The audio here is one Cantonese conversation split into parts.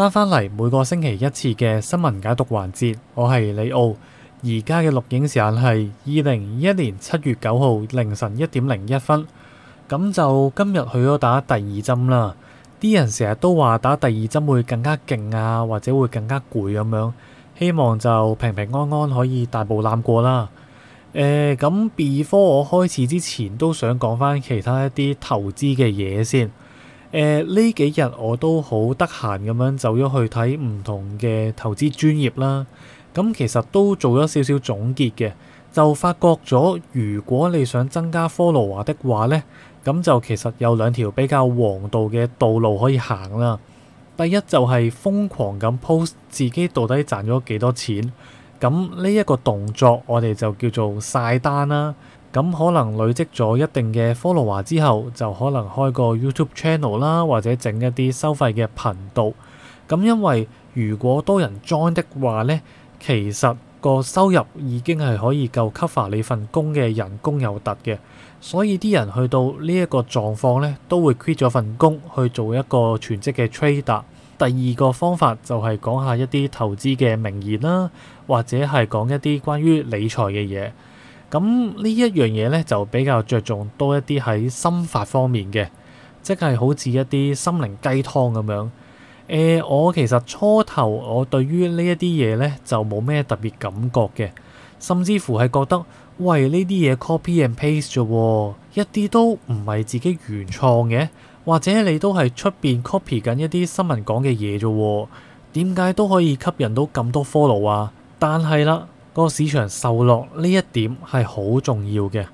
翻翻嚟每個星期一次嘅新聞解讀環節，我係李奧，而家嘅錄影時間係二零二一年七月九號凌晨一點零一分。咁就今日去咗打第二針啦。啲人成日都話打第二針會更加勁啊，或者會更加攰咁樣。希望就平平安安可以大步攬過啦。誒，咁 B 科我開始之前都想講翻其他一啲投資嘅嘢先。誒呢、呃、幾日我都好得閒咁樣走咗去睇唔同嘅投資專頁啦，咁其實都做咗少少總結嘅，就發覺咗如果你想增加 follow 的話咧，咁就其實有兩條比較王道嘅道路可以行啦。第一就係瘋狂咁 post 自己到底賺咗幾多錢，咁呢一個動作我哋就叫做晒單啦。咁可能累積咗一定嘅 follower 之後，就可能開個 YouTube channel 啦，或者整一啲收費嘅頻道。咁因為如果多人 join 的話咧，其實個收入已經係可以夠 cover 你份工嘅人工有得嘅。所以啲人去到呢一個狀況咧，都會 quit 咗份工去做一個全職嘅 trader。第二個方法就係講下一啲投資嘅名言啦，或者係講一啲關於理財嘅嘢。咁呢一樣嘢咧，就比較着重多一啲喺心法方面嘅，即係好似一啲心靈雞湯咁樣。誒、呃，我其實初頭我對於呢一啲嘢咧，就冇咩特別感覺嘅，甚至乎係覺得，喂，呢啲嘢 copy and paste 啫，一啲都唔係自己原創嘅，或者你都係出邊 copy 緊一啲新聞講嘅嘢啫，點解都可以吸引到咁多 follow 啊？但係啦。個市場受落呢一點係好重要嘅，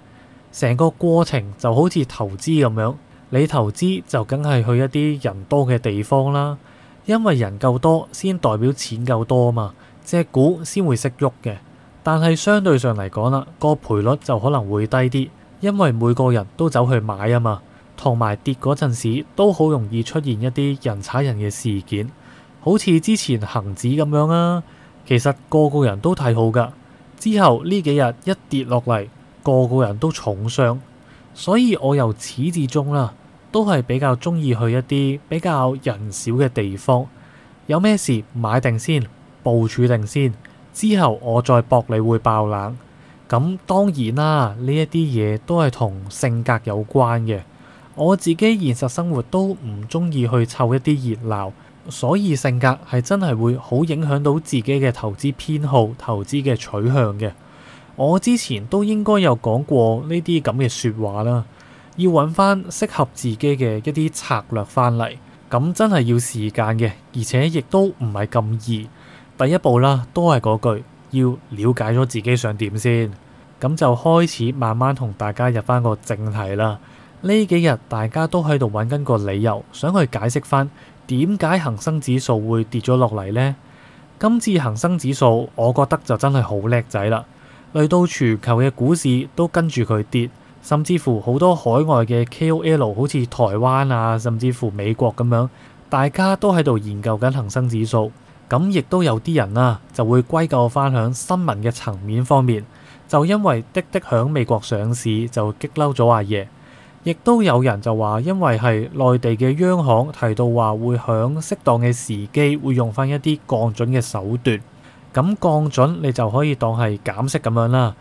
成個過程就好似投資咁樣，你投資就梗係去一啲人多嘅地方啦，因為人夠多先代表錢夠多啊嘛，隻股先會識喐嘅。但係相對上嚟講啦，個賠率就可能會低啲，因為每個人都走去買啊嘛，同埋跌嗰陣時都好容易出現一啲人踩人嘅事件，好似之前恒指咁樣啊。其實個個人都睇好㗎，之後呢幾日一跌落嚟，個個人都重傷，所以我由始至終啦、啊，都係比較中意去一啲比較人少嘅地方。有咩事買定先，部署定先，之後我再搏你會爆冷。咁當然啦，呢一啲嘢都係同性格有關嘅。我自己現實生活都唔中意去湊一啲熱鬧。所以性格係真係會好影響到自己嘅投資偏好、投資嘅取向嘅。我之前都應該有講過呢啲咁嘅說話啦，要揾翻適合自己嘅一啲策略翻嚟，咁真係要時間嘅，而且亦都唔係咁易。第一步啦，都係嗰句要了解咗自己想點先，咁就開始慢慢同大家入翻個正題啦。呢幾日大家都喺度揾緊個理由，想去解釋翻。點解恒生指數會跌咗落嚟呢？今次恒生指數，我覺得就真係好叻仔啦。累到全球嘅股市都跟住佢跌，甚至乎好多海外嘅 KOL，好似台灣啊，甚至乎美國咁樣，大家都喺度研究緊恒生指數。咁亦都有啲人啊，就會歸咎翻響新聞嘅層面方面，就因為滴滴響美國上市就激嬲咗阿爺。亦都有人就話，因為係內地嘅央行提到話，會響適當嘅時機會用翻一啲降準嘅手段。咁降準你就可以當係減息咁樣啦。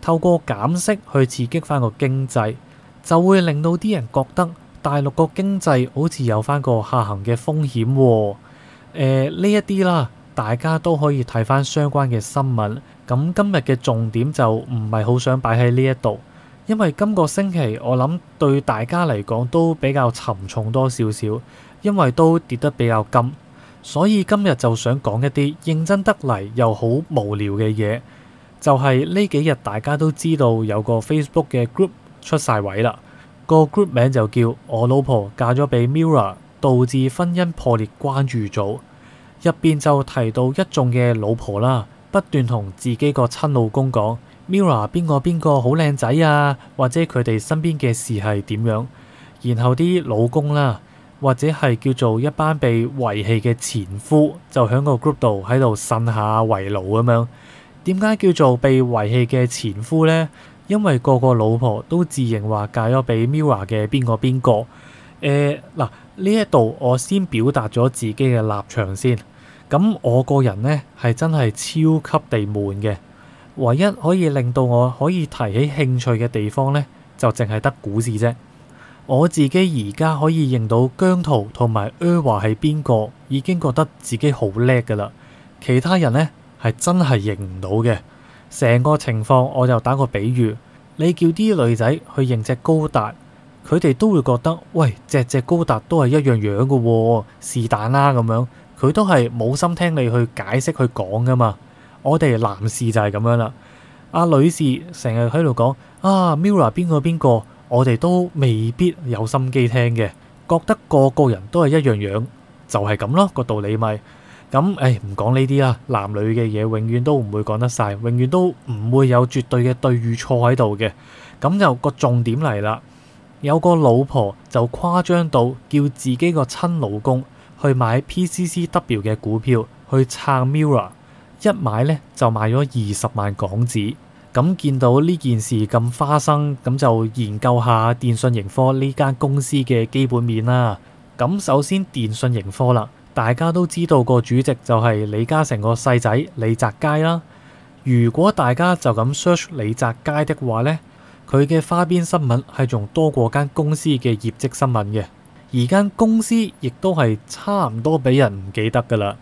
透過減息去刺激翻個經濟，就會令到啲人覺得大陸個經濟好似有翻個下行嘅風險，哦。誒、呃、呢一啲啦，大家都可以睇翻相關嘅新聞。咁今日嘅重點就唔係好想擺喺呢一度。因為今個星期我諗對大家嚟講都比較沉重多少少，因為都跌得比較甘，所以今日就想講一啲認真得嚟又好無聊嘅嘢，就係、是、呢幾日大家都知道有個 Facebook 嘅 group 出晒位啦，個 group 名就叫我老婆嫁咗俾 MIRROR，導致婚姻破裂關注組，入邊就提到一眾嘅老婆啦，不斷同自己個親老公講。MIRROR 邊個邊個好靚仔啊，或者佢哋身邊嘅事係點樣？然後啲老公啦、啊，或者係叫做一班被遺棄嘅前夫，就喺個 group 度喺度呻下、圍爐咁樣。點解叫做被遺棄嘅前夫咧？因為個個老婆都自認話嫁咗俾 MIRROR 嘅邊個邊個。誒、呃，嗱呢一度我先表達咗自己嘅立場先。咁我個人咧係真係超級地悶嘅。唯一可以令到我可以提起興趣嘅地方咧，就淨係得股市啫。我自己而家可以認到姜濤同埋阿華係邊個，已經覺得自己好叻噶啦。其他人咧係真係認唔到嘅。成個情況，我就打個比喻，你叫啲女仔去認隻高達，佢哋都會覺得喂，只隻高達都係一樣樣噶，是但啦咁樣。佢都係冇心聽你去解釋去講噶嘛。我哋男士就係咁樣啦，阿女士成日喺度講啊，MIRROR 邊個邊個，我哋都未必有心機聽嘅，覺得個個人都係一樣樣，就係咁咯，個道理咪咁。誒，唔講呢啲啦，男女嘅嘢永遠都唔會講得晒，永遠都唔會有絕對嘅對與錯喺度嘅，咁就個重點嚟啦，有個老婆就誇張到叫自己個親老公去買 PCCW 嘅股票去撐 MIRROR。一買咧就買咗二十萬港紙，咁見到呢件事咁花生，咁就研究下電訊盈科呢間公司嘅基本面啦。咁首先電訊盈科啦，大家都知道個主席就係李嘉誠個細仔李澤楷啦。如果大家就咁 search 李澤楷的話咧，佢嘅花邊新聞係仲多過間公司嘅業績新聞嘅，而間公司亦都係差唔多俾人唔記得噶啦。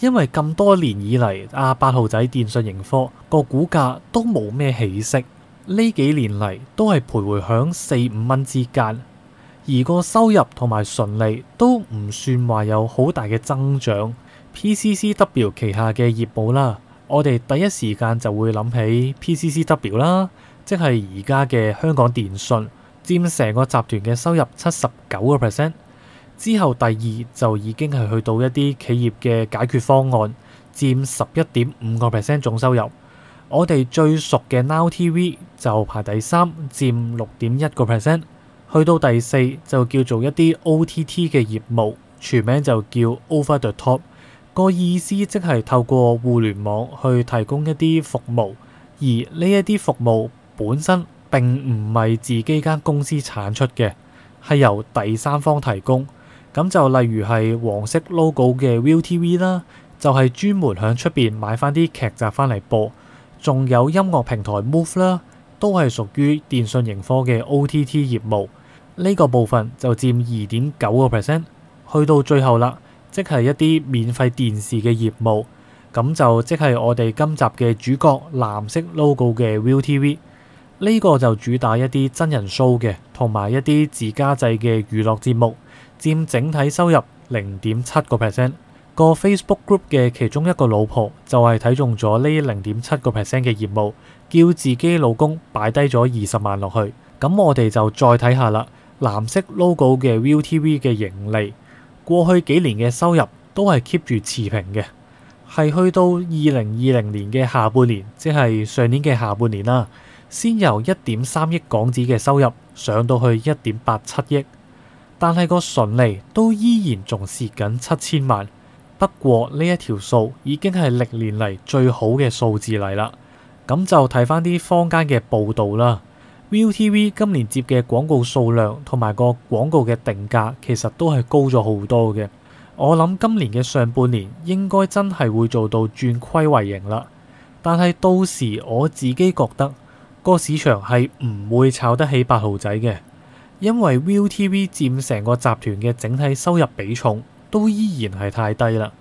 因為咁多年以嚟，阿八號仔電訊盈科個股價都冇咩起色，呢幾年嚟都係徘徊響四五蚊之間，而個收入同埋純利都唔算話有好大嘅增長。PCCW 旗下嘅業務啦，我哋第一時間就會諗起 PCCW 啦，即係而家嘅香港電訊，佔成個集團嘅收入七十九個 percent。之後，第二就已經係去到一啲企業嘅解決方案，佔十一點五個 percent 總收入。我哋最熟嘅 Now TV 就排第三，佔六點一個 percent。去到第四就叫做一啲 OTT 嘅業務，全名就叫 Over the Top。個意思即係透過互聯網去提供一啲服務，而呢一啲服務本身並唔係自己間公司產出嘅，係由第三方提供。咁就例如係黃色 logo 嘅 ViuTV 啦，就係、是、專門響出邊買翻啲劇集翻嚟播，仲有音樂平台 Move 啦，都係屬於電訊盈科嘅 OTT 業務。呢、這個部分就佔二點九個 percent，去到最後啦，即係一啲免費電視嘅業務。咁就即係我哋今集嘅主角藍色 logo 嘅 ViuTV。呢個就主打一啲真人 show 嘅，同埋一啲自家製嘅娛樂節目，佔整體收入零點七個 percent。個 Facebook group 嘅其中一個老婆就係睇中咗呢零點七個 percent 嘅業務，叫自己老公擺低咗二十萬落去。咁我哋就再睇下啦。藍色 logo 嘅 ViuTV 嘅盈利，過去幾年嘅收入都係 keep 住持平嘅，係去到二零二零年嘅下半年，即係上年嘅下半年啦。先由一點三億港紙嘅收入上到去一點八七億，但係個純利都依然仲蝕緊七千萬。不過呢一條數已經係歷年嚟最好嘅數字嚟啦。咁就睇返啲坊間嘅報道啦。ViuTV 今年接嘅廣告數量同埋個廣告嘅定價其實都係高咗好多嘅。我諗今年嘅上半年應該真係會做到轉虧為盈啦。但係到時我自己覺得，個市場係唔會炒得起八號仔嘅，因為 ViuTV 佔成個集團嘅整體收入比重都依然係太低啦。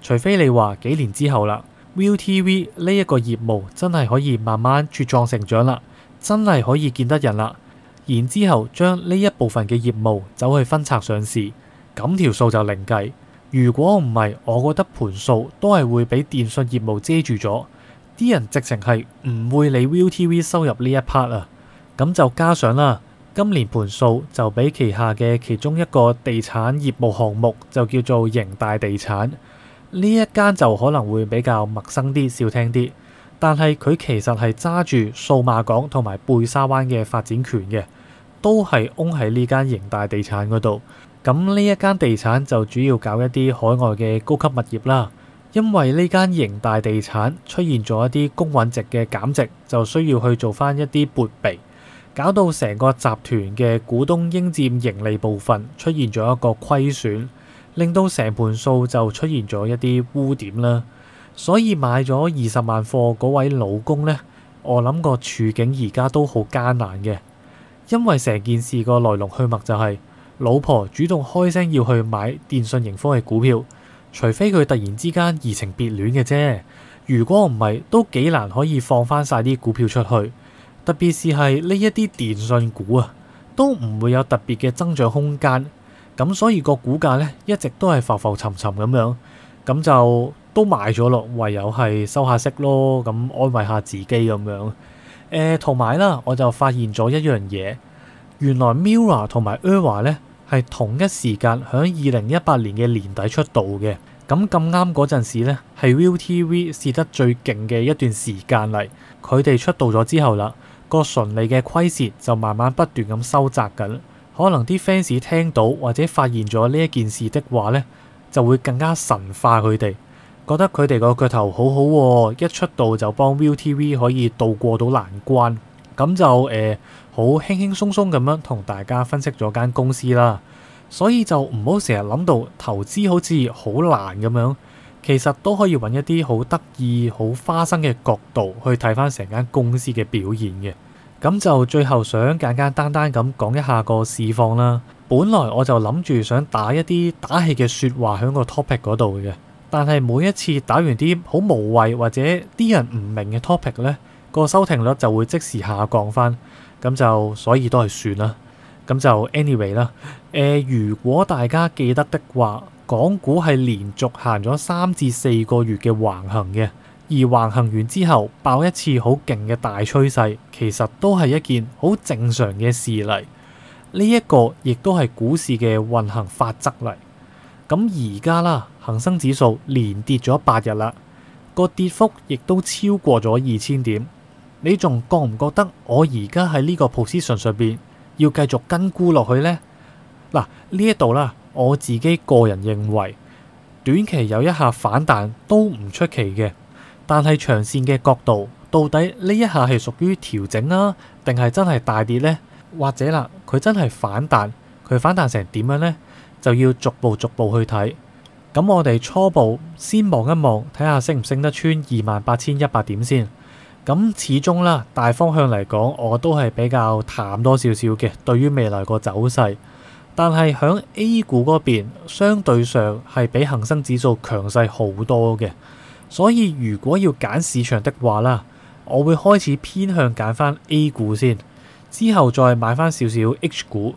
除非你話幾年之後啦，ViuTV 呢一個業務真係可以慢慢茁壯成長啦，真係可以見得人啦，然之後將呢一部分嘅業務走去分拆上市，咁條數就另計。如果唔係，我覺得盤數都係會畀電訊業務遮住咗。啲人直情係唔會理 ViuTV 收入呢一 part 啊，咁就加上啦。今年盤數就比旗下嘅其中一個地產業務項目就叫做盈大地產。呢一間就可能會比較陌生啲，少聽啲。但係佢其實係揸住數碼港同埋貝沙灣嘅發展權嘅，都係嗡喺呢間盈大地產嗰度。咁呢一間地產就主要搞一啲海外嘅高級物業啦。因為呢間盈大地產出現咗一啲公允值嘅減值，就需要去做返一啲撥備，搞到成個集團嘅股東應佔盈利部分出現咗一個虧損，令到成盤數就出現咗一啲污點啦。所以買咗二十萬貨嗰位老公呢，我諗個處境而家都好艱難嘅，因為成件事個來龍去脈就係、是、老婆主動開聲要去買電訊盈科嘅股票。除非佢突然之間移情別戀嘅啫，如果唔係，都幾難可以放翻晒啲股票出去。特別是係呢一啲電信股啊，都唔會有特別嘅增長空間。咁所以個股價咧一直都係浮浮沉沉咁樣，咁就都買咗咯。唯有係收下息咯，咁安慰下自己咁樣。誒、呃，同埋啦，我就發現咗一樣嘢，原來 MIRROR 同埋 ERROR 咧，係同一時間喺二零一八年嘅年底出道嘅，咁咁啱嗰陣時咧，係 ViuTV 試得最勁嘅一段時間嚟。佢哋出道咗之後啦，個純利嘅虧蝕就慢慢不斷咁收窄緊。可能啲 fans 聽到或者發現咗呢一件事的話呢，就會更加神化佢哋，覺得佢哋個腳頭好好喎、哦，一出道就幫 ViuTV 可以渡過到難關。咁就誒好輕輕鬆鬆咁樣同大家分析咗間公司啦，所以就唔好成日諗到投資好似好難咁樣，其實都可以揾一啲好得意、好花生嘅角度去睇翻成間公司嘅表現嘅。咁就最後想簡簡單單咁講一下個市況啦。本來我就諗住想打一啲打氣嘅説話喺個 topic 嗰度嘅，但係每一次打完啲好無謂或者啲人唔明嘅 topic 呢。個收聽率就會即時下降返，咁就所以都係算啦。咁就 anyway 啦、呃。誒，如果大家記得的話，港股係連續行咗三至四個月嘅橫行嘅，而橫行完之後爆一次好勁嘅大趨勢，其實都係一件好正常嘅事嚟。呢、這、一個亦都係股市嘅運行法則嚟。咁而家啦，恒生指數連跌咗八日啦，個跌幅亦都超過咗二千點。你仲覺唔覺得我而家喺呢個 position 上邊要繼續跟沽落去呢？嗱，呢一度啦，我自己個人認為，短期有一下反彈都唔出奇嘅，但係長線嘅角度，到底呢一下係屬於調整啊，定係真係大跌呢？或者啦，佢真係反彈，佢反彈成點樣呢？就要逐步逐步去睇。咁我哋初步先望一望，睇下升唔升得穿二萬八千一百點先。咁始終啦，大方向嚟講，我都係比較淡多少少嘅，對於未來個走勢。但係喺 A 股嗰邊，相對上係比恒生指數強勢好多嘅。所以如果要揀市場的話啦，我會開始偏向揀翻 A 股先，之後再買翻少少 H 股。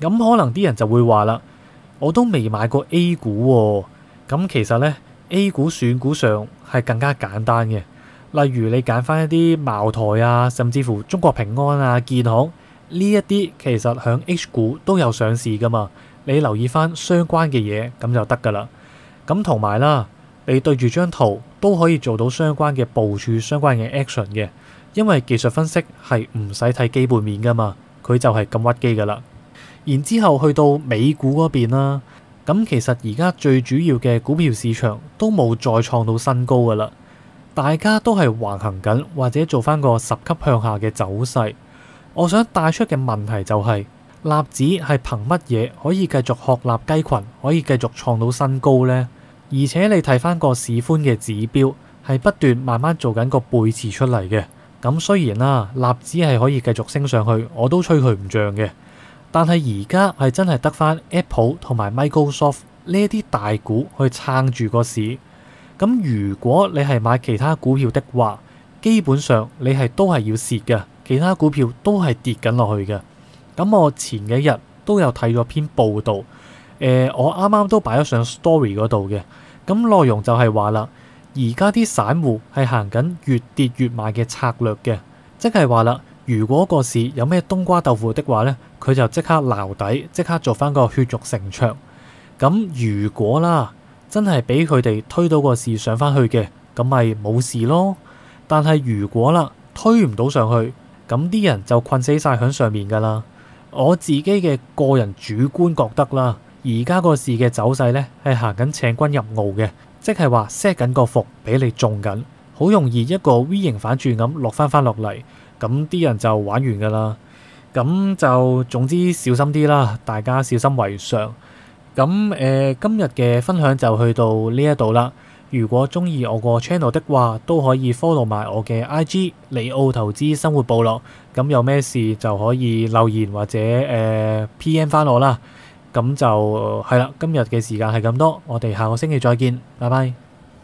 咁、嗯、可能啲人就會話啦，我都未買過 A 股。哦、咁、嗯、其實咧 A 股選股上係更加簡單嘅。例如你揀翻一啲茅台啊，甚至乎中國平安啊、建行呢一啲，其實響 H 股都有上市噶嘛。你留意翻相關嘅嘢，咁就得噶啦。咁同埋啦，你對住張圖都可以做到相關嘅部署、相關嘅 action 嘅，因為技術分析係唔使睇基本面噶嘛，佢就係咁屈機噶啦。然之後去到美股嗰邊啦、啊，咁其實而家最主要嘅股票市場都冇再創到新高噶啦。大家都係橫行緊，或者做翻個十級向下嘅走勢。我想帶出嘅問題就係、是，納指係憑乜嘢可以繼續鶴立雞群，可以繼續創到新高呢？而且你睇翻個市寬嘅指標，係不斷慢慢做緊個背馳出嚟嘅。咁雖然啦、啊，納指係可以繼續升上去，我都吹佢唔脹嘅。但係而家係真係得翻 Apple 同埋 Microsoft 呢啲大股去撐住個市。咁如果你係買其他股票的話，基本上你係都係要蝕嘅，其他股票都係跌緊落去嘅。咁我前幾日都有睇咗篇報道，誒、呃，我啱啱都擺咗上 story 嗰度嘅。咁內容就係話啦，而家啲散戶係行緊越跌越買嘅策略嘅，即係話啦，如果個市有咩冬瓜豆腐的話咧，佢就即刻撈底，即刻做翻個血肉城牆。咁如果啦～真係俾佢哋推到個市上翻去嘅，咁咪冇事咯。但係如果啦，推唔到上去，咁啲人就困死晒響上面噶啦。我自己嘅個人主觀覺得啦，而家個市嘅走勢呢係行緊請君入甕嘅，即係話 set 緊個伏俾你中緊，好容易一個 V 型反轉咁落翻翻落嚟，咁啲人就玩完噶啦。咁就總之小心啲啦，大家小心為上。咁誒，今日嘅分享就去到呢一度啦。如果鍾意我個 channel 的話，都可以 follow 埋我嘅 IG 李奧投資生活部落。咁有咩事就可以留言或者誒 PM 翻我啦。咁就係啦，今日嘅時間係咁多，我哋下個星期再見，拜拜。